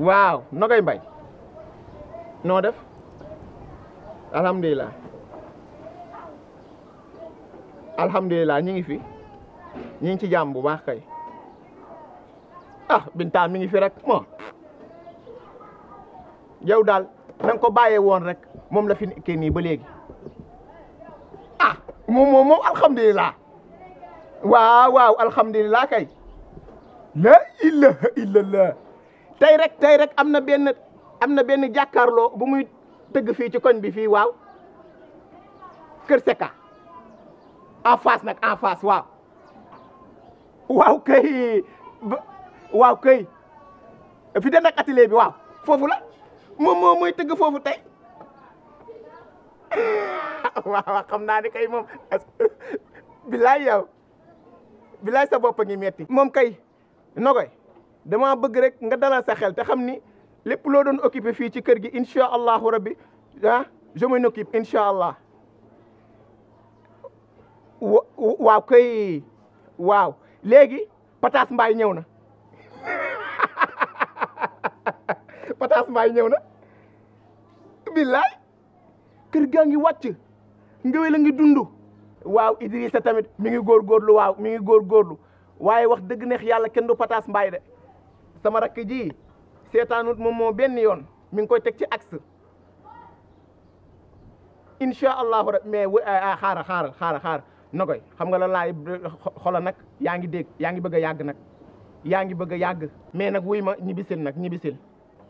waaw Nogay Mbaye noo def alhamdulilah alhamdulilah ñu ngi fi ñu ngi ci jàmm bu baax kay ah Binta mi ngi fi rek mo yow daal na ko bàyyee woon rek moom la fi nii ba léegi ah moom moom waaw waaw alhamdulilah kay la ilaha illallah tey rek tey rek am na benn am na benn jàkkaarloo bu muy tëgg fii ci koñ bi fii waaw Kër Secka en nag en face waaw waaw kay waaw kay fi den ak atelier bi waaw foofu la moom moom mooy tëgg foofu tey waaw xam naa ne kay moom bilaay yow bilaay sa bopp a ngi moom kay nogoy dama bëgg rek nga dalal sa xel te xam ni lépp loo doon occupé fii ci kër gi incha allahu rabbi ah je m'en occupe allah waaw kay waaw léegi pataas mbaay ñëw na pataas mbaay ñëw na billaay kër gaa ngi wàcc ngëwél a ngi dund waaw Idrissa tamit mi ngi góorgóorlu waaw mi ngi góorgóorlu waaye wax dëgg neex yàlla kenn du pataas mbaay de sama rakk ji seetaanut moom moo benn yoon mi ngi koy teg ci axe incha allahu rab mais ah, ah, xaaral xaaral xaaral xaaral na xam nga la laay nag yaa ngi dégg yaa ngi bëgg a yàgg nag yaa ngi bëgg a yàgg mais nag wuy ma ñibbisil nag ñibbisil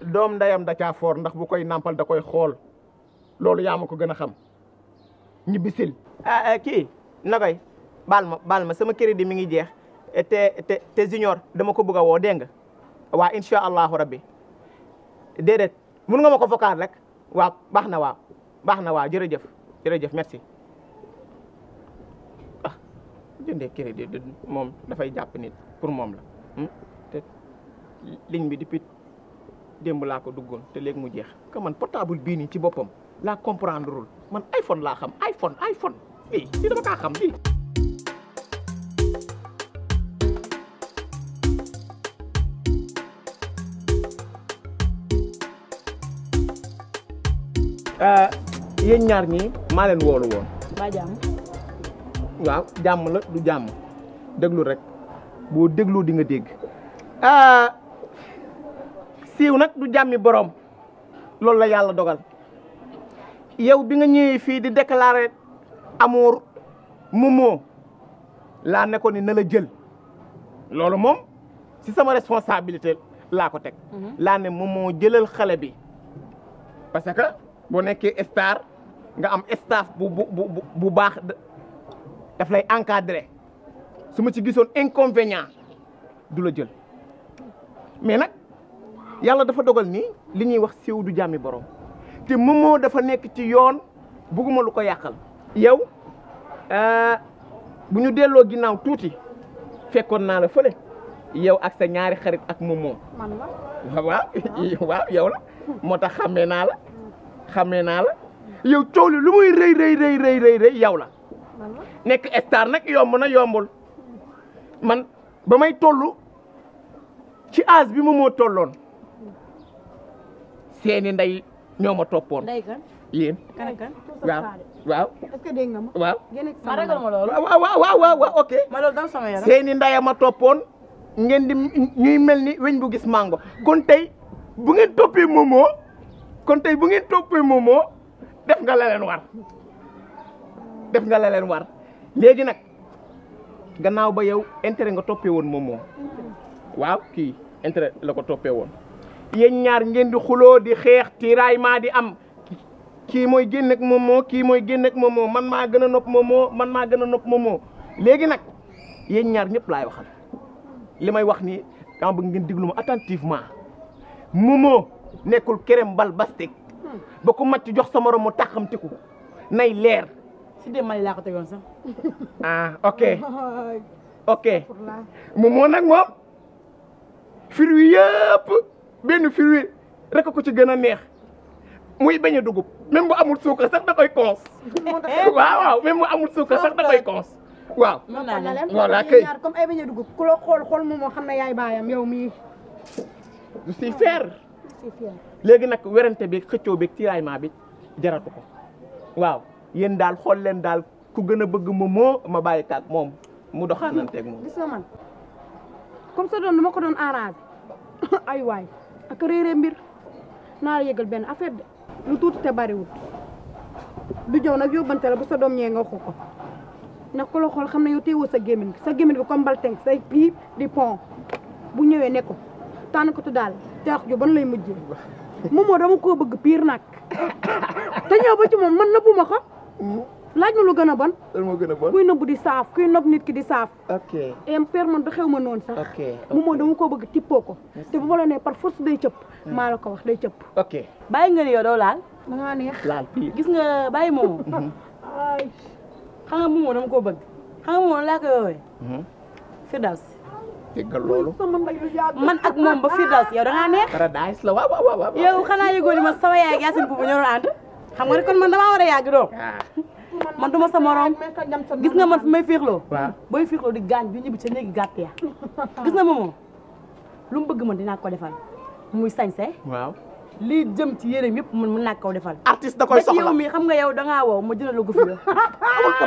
doom ndeyam da caa ndax bu koy nàmpal da koy xool loolu yaa ma ko gën a xam ñibbisil ah, ah kii na koy ma baal ma sama crédit mi ngi jeex te te te junior dama ko bëgg a woo dégg nga waa incha allahu rabbi déedéet mun nga ma ko vocal rek waaw baax na waa baax na waa jërëjëf jërëjëf merci ah de crédit moom dafay jàpp nit pour moom la hmm? te ligne bi depuis démb laa ko duggoon te léegi mu jeex ka man portable bii nii ci boppam laa comprendreul man iPhone laa xam iPhone iPhone bii lii kaa xam bii Euh, yéen ñaar ñi maa leen woolu woon. ba jàmm. waaw jàmm la du jàmm déglu rek boo dégloo di nga dégg euh, siiw nag du jàmmi boroom loolu la yàlla dogal yow bi nga ñëwee fii di déclarer amour Momo laa ne ko ni na la jël loolu moom ci sama responsabilité laa ko teg. Mhm. laa ne Momo jëlal xale bi parce que. boo nekkee star nga am staff bu bu bu bu baax daf lay encadrer su ma ci gisoon inconvénient du la jël mais nag yàlla dafa dogal nii li ñuy wax siiw du jàmmi borom te Momo dafa nekk ci yoon bugguma lu ko yàqal. yow euh, bu ñu delloo ginnaaw tuuti fekkoon naa la fële yow ak sa ñaari xarit ak Momo. waaw waaw yow la moo tax xàmmee naa la. xam ne naa la yow coow li lu muy rëy rëy rëy rëy rëy yow la nekk star nag yomb na yombul man ba may toll ci âge bi ma moo tolloon seeni ndey ñoo ma toppoon yéen waaw waaw waaw waaw waaw waaw seeni ndey ma toppoon ngeen ñuy mel ni weñ bu gis mango kon tey bu ngeen toppee moomoo kon tey bu ngeen toppee moomoo def nga la leen war def nga la leen war léegi nag gannaaw ba yow intérêt nga toppee woon moomoo waaw kii intérêt la ko toppee woon yéen ñaar ngeen di xuloo di xeex tiraillement di am kii mooy génn ak kii mooy génn ak moomoo man maa gën a nopp moomoo man maa gën a nopp moomoo léegi nag yéen ñaar ñëpp laay waxal li may wax nii dama bëgg ngeen déglu ma attentivement moomoo nekkul kerem bal bastik hmm. ba ku màcc jox sa morom mu taxamtiku nay leer. si dem Mali laa ko tegoon ah ok ok mu moo nag moom fruit yëpp benn fruit rek ko ci gën a neex muy bañ a dugub même bu amul suukar sax da koy waaw waaw bu amul suukar sax da koy waaw voilà kay comme a dugub ku la xool xool moom moo xam ne yaay baayam yow mii. du si léegi nag werante bi xëccoo bi tiraillement bi jaratu waaw yéen daal xool leen daal ku gën a bëgg ma moo ma bàyyi kaag moom mu doxaananteeg moom. gis nga man comme sa doom nu ma ko doon arrangé ay waay ak réeré mbir naa la benn affaire de lu tuuti te bariwul du jow nag yóbbante la bu sa doom ñee nga waxu ko ndax ku xool xam ne yow téewoo sa gémmiñ sa gémmiñ bi comme balteng say piip di pont bu ñëwee nekko tànn ko tu daal teex ju ban lay mujjee moomoo dama koo bëgg piir nag te ñëw ba ci man nëbbu ma ko laaj ma lu gën a ban moo gën a bon kuy nëbb di saaf kuy nëbb nit ki di saaf ok em père man doxew ma noonu sax ok moomoo dama koo bëgg tippoo ko te bu ma la nee par force day cëpp hmm. maa la ko wax day cëpp ok bàyyi nga ne yow doo laal da ngaa neex laal piir gis nga bàyyi moo mhm. ay xam nga moo dama koo bëgg xam nga moomoo laa koy woowee mhm. déggal loolu man ak moom ba Firdaws yow da ngaa neex. Paradise la waaw waaw waaw. yow xanaa yëgoo ni man sama yaay ak Yacine Bouba ñoo doon ànd xam nga ne kon man damaa war a yàgg doom. Ah. man du ma sa morom gis na man fi may féexloo. waaw booy féexloo di gaañ bi ñibbi ca léegi gàtt ya gis nga moom lu mu bëgg man dinaa ko defal muy sañse. waaw lii jëm ci yéreem yëpp man mu naa ko defal. artiste da koy soxla yow mii xam nga yow da ngaa woo ma jëlal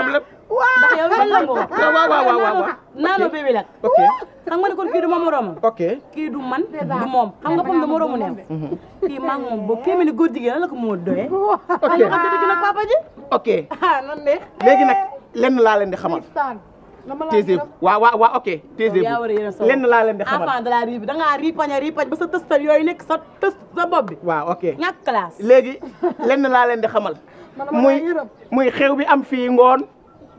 la waaw ndax yow lan la ngoo. waaw waaw waaw waaw naanoo bébé la. ok xam nga ne kon kii du ma moroomam. ok kii du man du moom xam nga comme du moroomu neem. Mhm. Mhm. kii maa ngi moom boo kii mel ni góor jigéen la ko moo doyee. ok xam nga dëgg nag papa ji. ok ah nan de. léegi nag lenn laa leen di xamal. téeseeku waaw waaw waaw ok téeseeku lenn laa leen di xamal enfant de la rue bi dangaa ripañ a ripañ ba sa tëstal yooyu nekk sa tës sa bopp bi waaw ok ñàkk classe léegi lenn laa leen di xamal muy muy xew bi am fii ngoon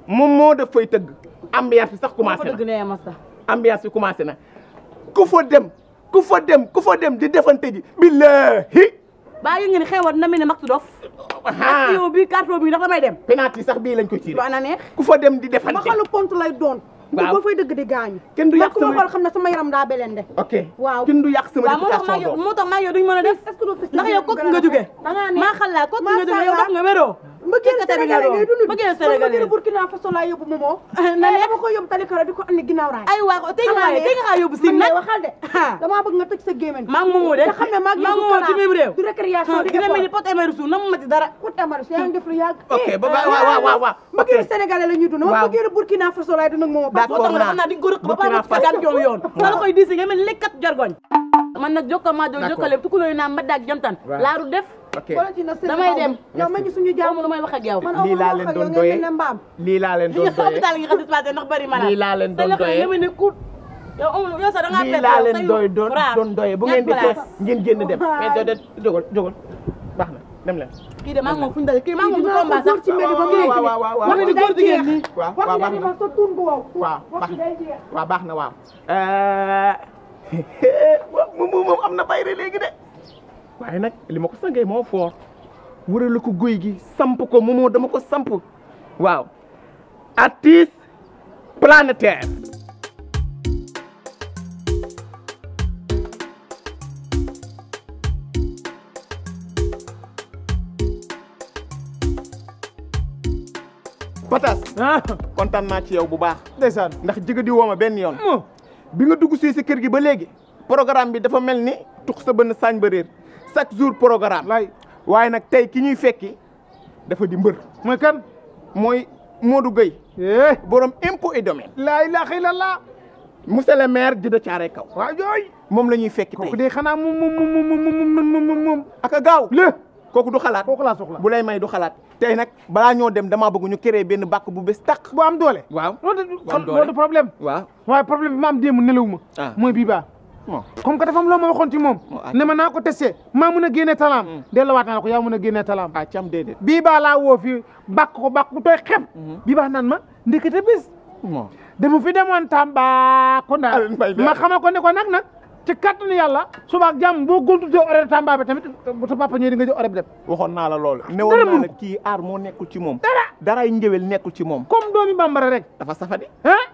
moom moo def fay tëgg ambiance bi sax commencé na ambiance bi commencé na ku fa dem ku fa dem ku fa dem di defante ji billahi bàyyi ngeen xewoon na mel ni mag su dof ak ah. yow bi carton bi ndax damay dem penalty sax bii lañ ko ci ana neex ku fa dem di defante ma xalu pont lay doon waaw boo fay dëgg di gaañu. kenn du du yàq sama réputation doom tax maa yow duñu mën a na ne dama ko yóbbu talikara ko andi ginnaaw raay ay waaw tey nga tey nga xaa yóbbu si nag waxal de na mu mati dara Burkina Faso laay dund ak moomoo d'accord naa xam naa di ma ok damay dem yow ma ñu suñu jaamu lu may wax ak yow lii lii laa leen doon doyee hôpital nga xam laa leen doon doyee yow amul yow sax da ngaa lii laa leen doy doon doon bu ngeen di xeex ngeen génn dem mais doy doy jógal jógal dem leen. kii de maa ngi moom fu ñu daje kii maa ngi moom du combat sax. waaw waaw waaw waaw wax góor jigéen nii. waaw waaw baax na waaw baax na waaw. moom moom am na bayre léegi de. waaye nag li ma ko sangee moo foor wëralu ko guy gi samp ko moomoo dama ko samp waaw artiste planétaire. Patas kontaan naa ci yow bu baax. ndeysaan ndax jigéen di woo ma benn yoon. bi nga dugg si si kër gi ba léegi. programme bi dafa mel ni. tux sa bënn saañ ba réer chaque jour programme. lay waaye nag tey ki ñuy fekki dafa di mbër. mooy kan mooy Modou Gueye. borom impôt et domaine. laa ilaaha laa monsieur le maire Djidah Thiaroye Kaw. waaw moom la ñuy fekki tey kooku xanaa moom moom moom moom moom moom moom ak a gaaw. kooku du xalaat kooku laa soxla bu lay may du xalaat tey nag balaa ñoo dem damaa bëgg ñu créer benn bàkk bu bés tàq bu am doole waaw loolu du problème waaw waaye bi ma am démb nelawu ma ah. mooy bii baa comme que dafa am loo ma waxoon ci moom ah. ne ma naa ko testé maa mun a génnee talaam mm. delluwaat naa ko yaa mun a génnee talaam ah cam déedéet bii baa laa woo fi bàkk ko bàkk bu tooy xep mm-hmm. bii baa naan ma ndekete bés dama fi demoon Tambacounda ma xamal ko ne ko nag nag ci kàttanu yàlla suba ak jàmm boo gontu jëw horaire bi tamit bu sa papa ñëwee di nga jëw horaire bi dem waxoon naa la lool newoon naa la kii aar moo nekkul ci moom dara daraay njëwel nekku ci moom comme doomi bambara rek dafa safadi ah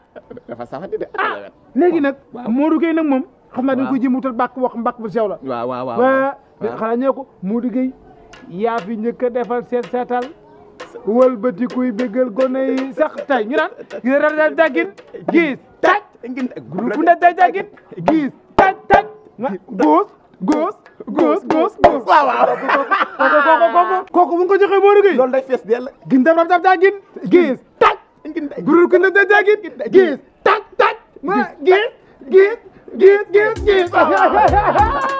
dafa safadi de ah léegi nag Modou Gueye nag moom xam naa dañ koy jéem wutal bàkk wax mbàkk bu sew waa waa waaw waaw xanaa ñoo ko Modou Gueye yaa fi njëkk a defal seet seetal wëlbati kuy bégal gone yi sax tay ñu naan gis rada dagin gis taj groupe na dagin taj taj góos góos góos góos góos waaw waaw kooku kooku bu ñu ko joxee Modou Gueye loolu day fees dell gin dam dam da gin gis taj gurur gin dam da gin gis taj taj ma gis gis gis gis gis